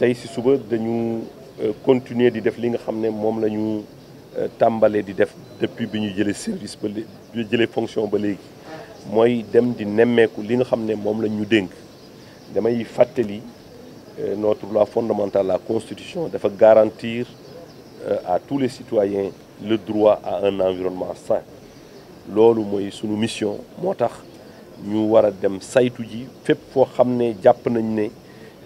tay ci suba dañu euh, continuer di def li nga xamné mom lañu euh, tambalé di def depuis biñu jëlé service ba biñu jëlé fonction ba légui moy dem di nemmeeku li nga xamné mom lañu dénk damay euh, notre loi fondamentale la constitution dafa garantir à tous les citoyens le droit à un environnement sain lolu moy sunu mission motax ñu wara dem saytu ji fep fo xamné japp nañ né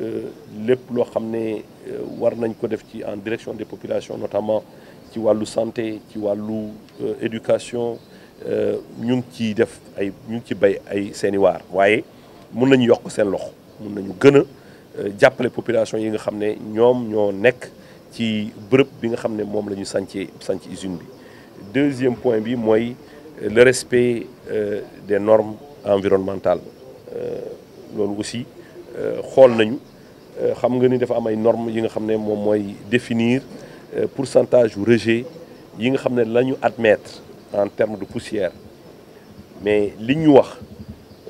Euh, lépp loo xam ne euh, war nañ ko def ci en direction des populations notamment ci wàllu santé ci wàllu euh, éducation ñu ngi def ay ñu ngi ci bay ay seeni waar waaye mun nañu yokk seen loxo mun nañu gën a jàppale population yi nga xam ne ñoom ñoo nekk ci bërëb bi nga xam ne moom la ñu usine bi deuxième point bi le respect des normes environnementales loolu aussi euh, xool nañu euh, xam nga ni dafa am ay normes yi nga définir euh, pourcentage de rejet yi nga xam admettre en termes de poussière mais li ñu wax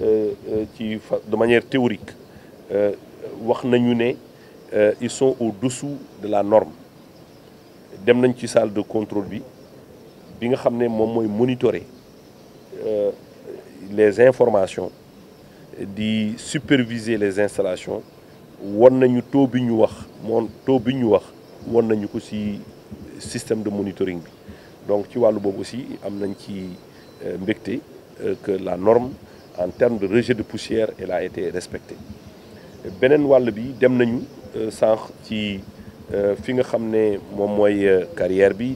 de manière théorique wax nañu ils sont au-dessous de la norme dem nañ ci salle de contrôle bi bi nga monitorer les informations de superviser les installations on a système de monitoring donc ci le aussi euh, euh, que la norme en termes de rejet de poussière elle a été respectée Benenwa bi dem nañu euh, sax ci fi nga carrière bi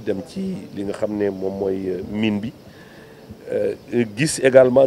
gis également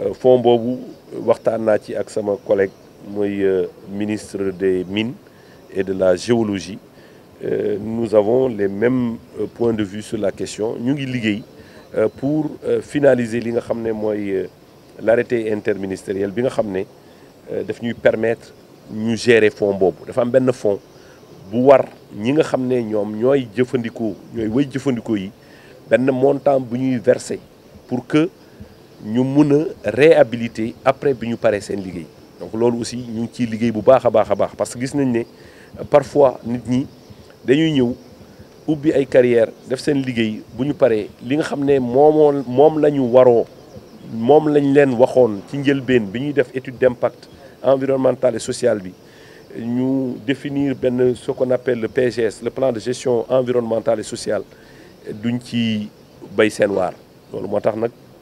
Euh, fonds bobu waxtaan naa ci ak sama collègue moy euh, ministre des mines et de la géologie euh, nous avons les mêmes points de vue sur la question ñu ngi liggéey pour finaliser li nga xamné moy l'arrêté interministériel bi nga xamné daf ñuy permettre ñu gérer fonds bobu dafa am benn fonds bu war ñi nga xamné ñom ñoy jëfëndiko ñoy ñooy jëfëndiko yi benn montant bu ñuy verser pour que ñu mun réhabiliter après que nous paree seen donc loolu aussi ñu ngi ciy liggéey bu baax parce que gis nañ ne euh, parfois nit ñi dañuy ñëw ubbi ay carrière def seen liggéey nous ñu paree li nga xam ne moomoo moom la ñu waroo moom lañ leen waxoon ci njëlbeen bi ñuy def étude d'impact environnemental et social bi ñu définir ben ce qu'on appelle le PGS le plan de gestion environnementale et sociale duñ ci bay noir. Donc le montant.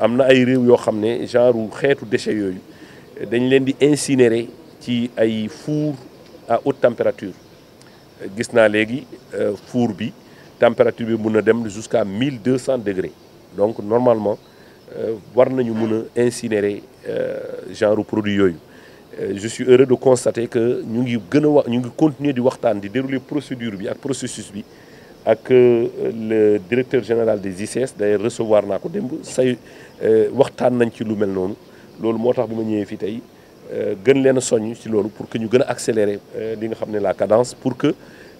Il y ay réew yo xamné déchets yoyu dañ leen di incinérer ci ay four à haute température gis naa léegi euh, four bi température bi mëna dem jusqu'à 1200 degrés donc normalement euh, war nañu mëna incinérer euh, genre produit yoyu je suis heureux de constater que nous ngi gën de ñu ngi continuer di procédure bi ak processus bi ak euh, le directeur général des ICS d'ailleurs recevoir naa ko démb say euh, waxtaan nañ ci lu mel noonu loolu moo tax bi ma ñëwee fii euh, gën leen a ci loolu pour que ñu gën a accélérer li nga xam la cadence pour que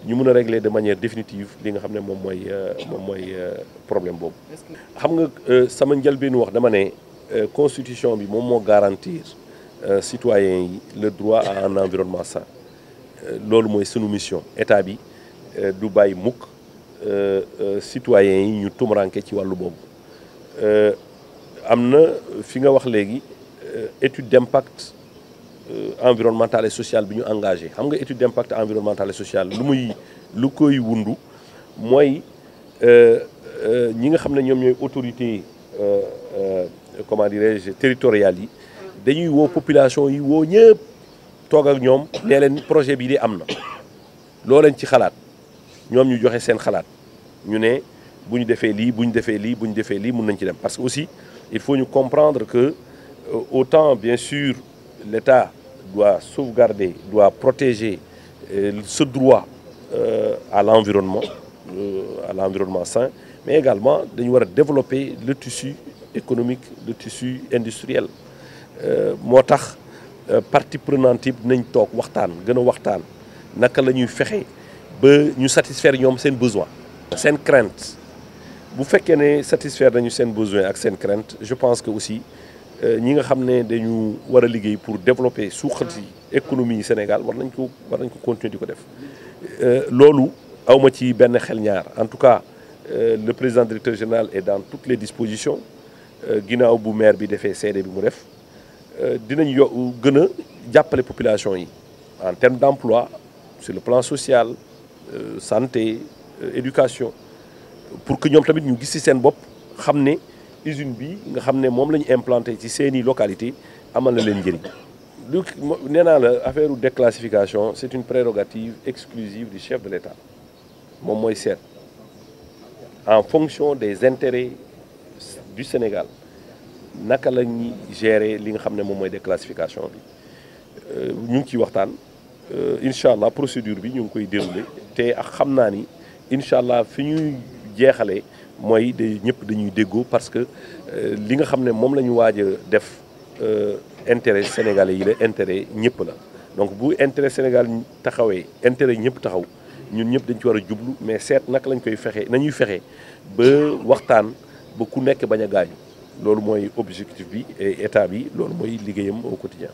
ñu mun régler de manière définitive li nga xam ne moom mooy moom mooy problème boobu. xam nga sama njëlbeenu wax dama ne constitution bi moom moo garantir citoyens yi le droit à un environnement sain loolu mooy sunu mission état bi du bàyyi mukk. Euh, euh, citoyens yi ñu tumuranke ci walu boobu euh amna fi nga wax légui euh, étude d'impact environnemental et social bi ñu engagé xam nga étude d'impact environnemental et social lu muy lu koy wundu euh ñi nga xam ñom ñoy autorité euh comment dirais-je territoriales yi dañuy wo population yi wo ñëpp toog ak ñom nee leen projet bi di amna lo loo ci xalat ñoom ñu joxé seen xalaat ñu ne buñu défé li buñu défé li buñu défé li ñu nañ ci dem parce que aussi il faut nous comprendre que euh, autant bien sûr l'État doit sauvegarder doit protéger euh, ce droit euh, à l'environnement à l'environnement sain mais également dañu nous développer le tissu économique le tissu industriel moo tax partie prenante yi dinañ tok waxtaan nous a waxtaan naka lañuy fexé nous ñu satisfaire nos besoins, nos seen crainte bu qu'on est satisfaire nos seen besoins, ak nos craintes, je pense que aussi euh, ñi nga besoin de pour développer l'économie économie Sénégal war nañ ko war continuer à faire. Lolo loolu awma ci benn en tout cas euh, le président directeur général est dans toutes les dispositions euh, ginnaaw bu maire bi defee seede bi mu def dinañ yo a les population en termes d'emploi sur le plan social euh, santé euh, éducation pour que nous puissions ñu ce ci seen bopp xam usine bi nga implanté ci localité amal na leen njëriñ de déclassification c'est une prérogative exclusive du chef de l'État en fonction des intérêts du Sénégal naka gérer li nga xam déclassification bi euh, ñu euh, incha allah procédure bi ñu ngi koy déroulé té ak xam ni inshallah fi ñuy jéxalé moy de ñëpp dañuy déggo parce que euh, li nga xamné mom lañu waja ñu waaj def euh, intérêt sénégalais yi la intérêt ñëpp la donc bu intérêt sénégal taxawé intérêt ñëpp taxaw ñun ñëpp dañ ci wara a jublu mais sét nak lañ koy fexé nañuy fexé ba waxtaan ba ku nekk baña gañu lolu moy objectif bi et état bi lolu moy liggéeyam au quotidien